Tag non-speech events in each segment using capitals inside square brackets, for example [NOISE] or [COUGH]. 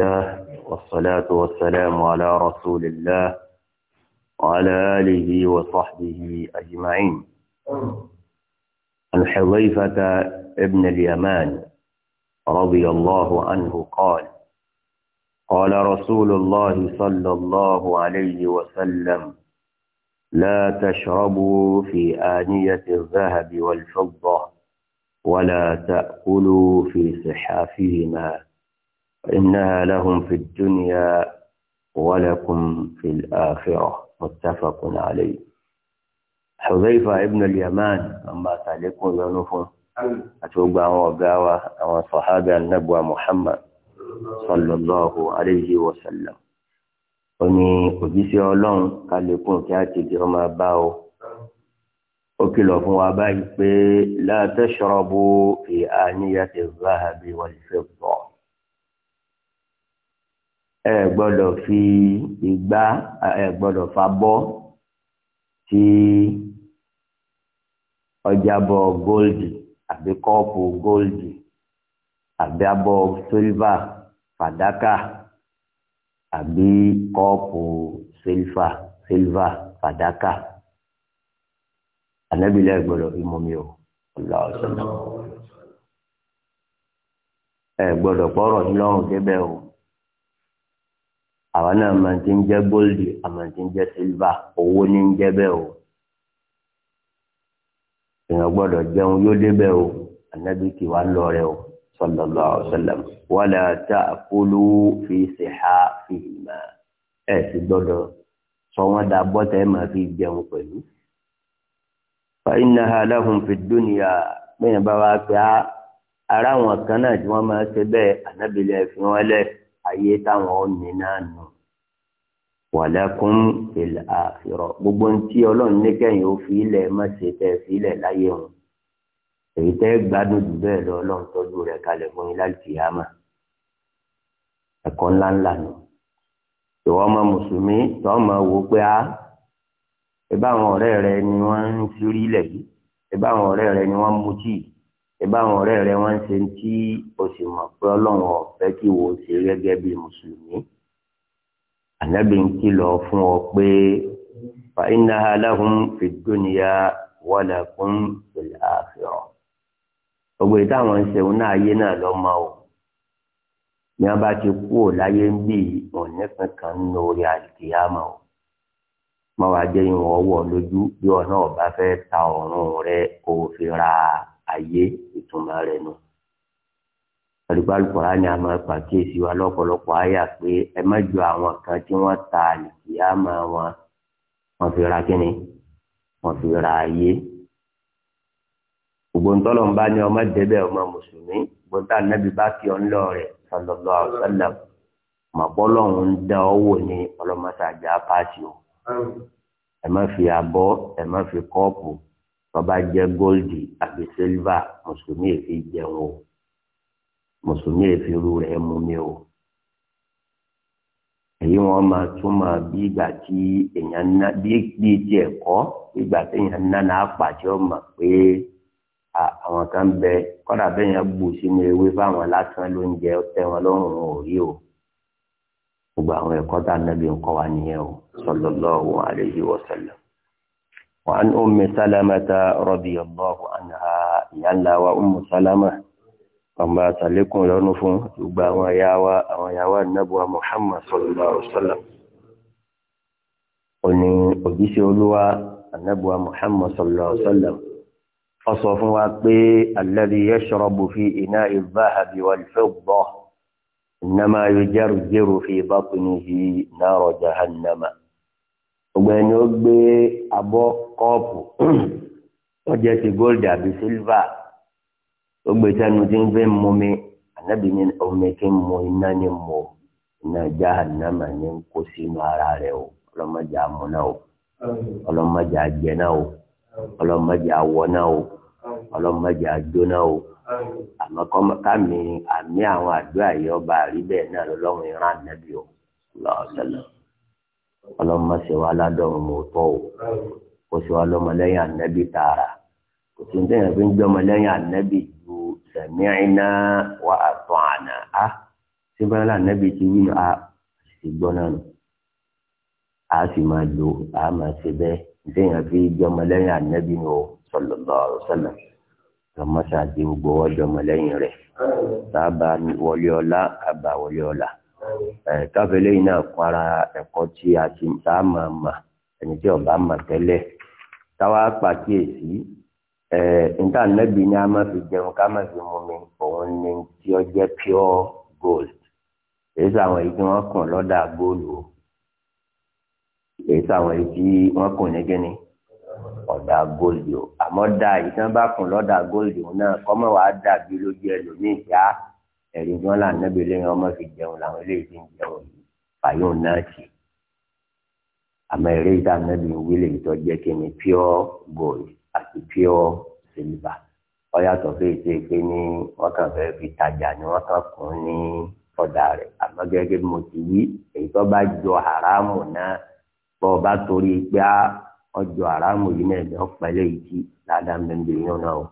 الله والصلاة والسلام على رسول الله وعلى آله وصحبه أجمعين عن حذيفة ابن اليمان رضي الله عنه قال قال رسول الله صلى الله عليه وسلم لا تشربوا في آنية الذهب والفضة ولا تأكلوا في صحافهما إنها لهم في الدنيا ولكم في الآخرة متفق عليه حذيفة ابن اليمان أما تعليكم ينفون أتوقع وقاوة أو صحابة النبوة محمد صلى الله عليه وسلم oni òjíṣẹ́ ọlọ́run kálẹ̀kùn kí á ti di ọmọ bá o ó kìlọ̀ fún wa báyìí pé la tashrabu fi aniyati zahabi wal fidda ẹ gbọ́dọ̀ fi igbá ẹ gbọ́dọ̀ fa bọ́ tí ọjà bọ̀ góòlì àbí kọ́ọ̀pù góòlì àbí abọ́ sílvà fàdákà àbí kọ́ọ̀pù silver, silver fàdákà ànábìlẹ̀ gbọ́dọ̀ fi mọ́ mi o ọlọ́ọ̀sán ẹ gbọ́dọ̀ pọ̀rọ̀ ńlọrùn débẹ̀ o àwa náà máa ti ń jẹ́ góòlì àmà ti ń jẹ́ sílvà owó ní ń jẹ́ bẹ́ẹ̀ o èèyàn gbọ́dọ̀ jẹun yóò débẹ̀ o ànábì kì wá lọ rẹ o sallallahu alaihi wasallam wala ta'kulu fi sihafihima ẹ sì gbọ́dọ̀ sọ wọ́n dà bọ́tà ẹ máa fi jẹun pẹ̀lú. fa innaha fi dunya bẹ́ẹ̀ bá wá pé ah, ara àwọn kan náà tí wọ́n máa ṣe bẹ́ẹ̀ ànábìlẹ̀ fi wọ́n lẹ́ẹ̀ ayé táwọn ò ní náà nù wàlẹ́kùn ìlà àfihàn gbogbo ń tí ọlọ́run ní kẹ́yìn ó fi ilẹ̀ mọ́ṣẹ́ tẹ́ fi ilẹ̀ láyé wọn èyí tẹ́ gbádùn jù bẹ́ẹ̀ lọ ọlọ́run tọ́jú rẹ̀ kalẹ̀ fún yín láti yàmà ẹ̀kọ́ ńláńlá nù ìwọ ọmọ mùsùlùmí tọ́ ọmọ wò pé a ìbáwọn ọ̀rẹ́ rẹ ni wọ́n ń sírí ilẹ̀ yìí ìbáwọn ọ̀rẹ́ rẹ ni wọ́n mutí yìí ìbá àwọn ọ̀rẹ́ rẹ wọ́n ń ṣe tí o sì mọ̀ pé ọlọ́run ọ̀fẹ́ kí wo ṣe gẹ́gẹ́ bí mùsùlùmí ànábì ń kìlọ̀ fún ọ pé fa iná aláhùn fìdúnìyà wàlà fún ìlà àfihàn gbogbo ìtàwọn ń ṣeun náà ayé náà lọ mọ o ní wọn bá ti kú ò láyé ń bì wọn nípìn kan nínú orí àlìkìyàmọ o mọ wàá jẹ ìwọn ọwọ́ lójú bí ọ náà bá fẹ́ ta ọrùn rẹ kó o fi ra ayé ìtumọ̀ rẹ̀ nù. àdúgbò alukọ̀rá ni a máa pàkíyèsí wa lọ́pọ̀lọpọ̀ àyà pé ẹ má jọ àwọn kan tí wọ́n ta àlìkìyàmà wọn wọ́n fi ra kíni wọ́n fi ra ayé. ògbóntọ́lọ̀ ń bá ní ọmọ débẹ̀ ọmọ mùsùlùmí gbọ́dọ̀ ànábì bá kí ọ́n lọ rẹ̀ sallallahu alaihi wasallam màpọ́lọ́ ń dá ọwọ́ ní ọlọ́mọṣáájà pàṣẹ o ẹ má fi abọ́ ẹ má fi kọ́ọ̀pù tọ́ba jẹ́ góòlì àbí sílvà mùsùlùmí èfi jẹun o mùsùlùmí èfi ru rẹ̀ mú mi o èyí wọn máa túmọ̀ bí ìgbà tí èèyàn ná bí bí ti ẹ̀kọ́ ìgbà tí èèyàn ná náà pàṣẹ ọmọ pé àwọn kan bẹ kọ́dà bẹ́ẹ̀ yẹn bù sínú ewé fáwọn lásán lóúnjẹ tẹ wọn ò rí o gbogbo àwọn ẹ̀kọ́ tá a nàbí ń kọ́ wa nìyẹn o sallallahu alaihi wasallam. وعن أم سلمة رضي الله عنها يلا وأم سلمة أما سلكم لنفهم يبا وياوا وياوا النبوة محمد صلى الله عليه وسلم òní òjíṣẹ́ olúwa anábùwà muhammad sallallahu alaihi wa sallam ó sọ fún wa pé alladhi yashrabu fi ina'i dhahabi wal fidda innama yujarjiru fi batnihi nara jahannama gbogbo ẹni ó gbé abọ́ kọ́ọ̀pù [CLEARS THROAT] ó jẹ́ ti gold àbí silver ó gbé sẹ́nu tí ń fi ń mu mi ànábì ní omi kí ń mu iná ní mu iná jahannama ní kó sínú ara rẹ o ọlọ́mọdé àmú náà o ọlọ́mọdé àjẹ náà o ọlọ́mọdé àwọ̀ náà o ọlọ́mọdé àjọ náà o àmọ́ kámi àmì àwọn àdúrà yìí ọba àrí bẹ́ẹ̀ náà lọ́lọ́run ìran ànábì o lọ́ọ́ sẹ́lẹ̀ ọlọ́mọ ṣe wá ládọ́run mọ̀ tọ́ o kò ṣe wá lọ́mọlẹ́yìn ànábì tààrà kò sí ní tẹ̀yìn fi ń gbé ọmọlẹ́yìn ànábì ju sẹ̀míìnà wà àtọ̀ àná á síbẹ̀ lọ́la ànábì ti wí a sì gbọ́ náà nù a sì máa lo a máa ṣe bẹ́ẹ̀ ní tẹ̀yìn fi gbé ọmọlẹ́yìn ànábì nù sallallahu alaihi wasallam lọ́mọ ṣáàdì gbogbo ọjọ́ ọmọlẹ́yìn rẹ̀ sábà wọlé ọlá àbá wọlé ọlá káfílẹ́ yìí náà kọ́ ara ẹ̀kọ́ tí a ti tá a máa mà ẹni tí ọba mà tẹ́lẹ̀ táwa pàkíyèsí nta nẹ́bi ni a máa fi jẹun ká máa fi mú mi òun ni tí ó jẹ́ pure gold èyí sàwọn èyí tí wọ́n kàn lọ́dà góòlù o èyí sàwọn èyí tí wọ́n kàn ní gíní ọ̀dà góòlù o àmọ́ dá èyí tí bá kàn lọ́dà góòlù náà kọ́mọ̀ wàá dàbí lójú ẹlòmíì já ẹ̀rí wọn là nẹ́bí lẹ́yìn ọmọ fi jẹun làwọn eléyìí ti ń jẹun fàyọ̀ náà sí àmọ́ ẹ̀rí ìta nẹ́bí wílé ìtọ́ jẹ́ kí ni pure gold àti pure silver ọ̀yàtọ̀ fún ètò ìpè ní wọ́n kàn fẹ́ fi tajà ni wọ́n kàn kún ní ọ̀dà rẹ̀ àmọ́ gẹ́gẹ́ bí mo ti wí èyí tó bá jọ haramu náà bọ́ ọ torí pé ọjọ́ ah, haramu yìí náà lọ́pẹ́ lẹ́yìn tí ládàá mẹ́mbẹ̀ẹ́ yàn náà o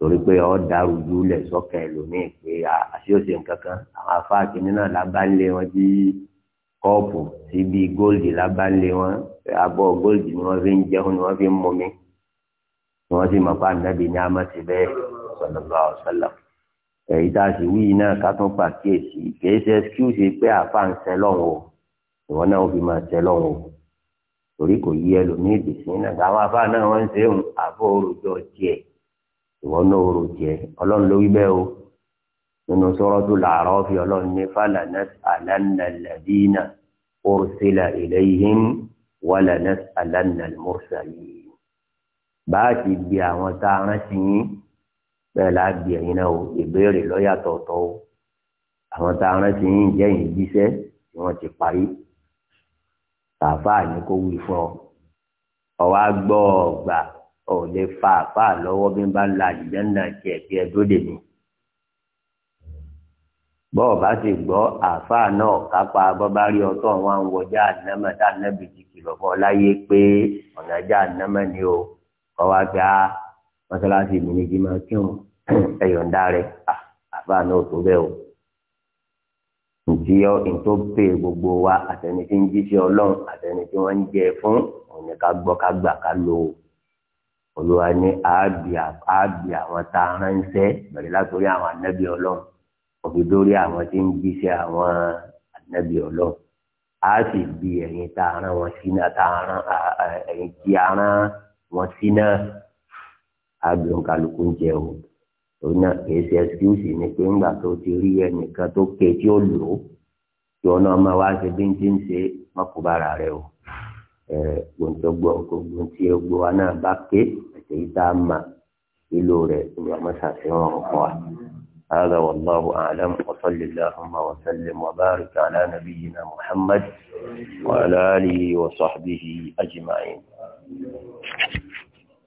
torí pé ọ darúgbó lẹ sọkẹ lómìn pé àṣeyọsẹ nǹkankan àwọn afáàkì nínú àlábánlé wọn bí kọọpù sí bí góòlì lábánlé wọn abọ́ góòlì ni wọn fi ń jẹun ni wọn fi ń mọmi ni wọn sì mọ pa ànábì ní amásí bẹ́ẹ̀ sọlọlọ ọsọlọ èyí tá a sì wí náà ká tún pàkíyèsí kìí ṣe ẹsikúùsì pé àfa ń sẹ lọ́hùn o ìwọ náà ó fi máa sẹ lọ́hùn o torí kò yí ẹlòmíì dì sí náà àwọn afá náà wọn ń ṣe àbọ̀ ìwọ náà ó rojẹ ọlọ́run ló wí bẹ́ẹ̀ o nínú Suratul A'raf ọlọ́run ní falanas'alanna alladhina ursila ilayhim wa lanas'alanna al-mursalin bá a ti gbé àwọn tá a rántí yín bẹ́ẹ̀ la gbé ẹ̀yin náà o ìbéèrè lọ́yàtọ̀ọ̀tọ̀ o àwọn tá a rántí yín jẹ́ yín jíṣẹ́ tí wọ́n ti parí tàfáà ní kó wí fún ọ ọwọ́ á gbọ́ ọ gbà ò lè fa àpá lọ́wọ́ bí n bá la àlìjáná kí ẹ̀bí ẹdó dè mí. bọ́ọ̀ bá ti gbọ́ àfa náà kápá bọ́bá rí ọtọ́ wọn à ń wọjá ànámọ́ tá ànábì ti kìlọ̀ fọ́ láyé pé ọ̀nà ajá ànámọ́ ni o kọ́ wá pé a mọ́sálásí mi ní kí n máa kírun [CLEARS THROAT] ẹ̀yọ̀ǹda rẹ̀ àfa náà tó bẹ́ẹ̀ o ntiyọ ntọ pe gbogbo wa àtẹni tí ń jíṣẹ́ Ọlọ́run àtẹni tí wọn ń jẹ fún òun ká gbọ́ ká gbà ká lò ó olùwà ni àábì àwọn tá a ránṣẹ́ bẹ̀rẹ̀ látòrí àwọn ànábì ọlọ́run òfin dórí àwọn tí ń jíṣẹ́ àwọn ànábì ọlọ́run a sì bi ẹ̀yin tá a rán wọn sí náà tá a rán ẹ̀yin tí a rán wọn sí náà àbí òǹkàlùkù ń jẹ o òun náà kìí ṣe ẹsikúùsì ni pé ńgbà tó ti rí ẹnìkan tó ké tí ó lò ó tí ọ náà máa wá ṣe bí ń ti ń ṣe mọ́kùbára rẹ o gbòǹtọ́gbọ́ gbogbo tí gbogbo wa náà bá ké ẹ̀sẹ̀ yìí tá a mà lílo rẹ̀ ìyàmọ́sà fi hàn ọ̀pọ̀ wa. هذا والله أعلم وصل اللهم وسلم وبارك على نبينا محمد وعلى آله وصحبه أجمعين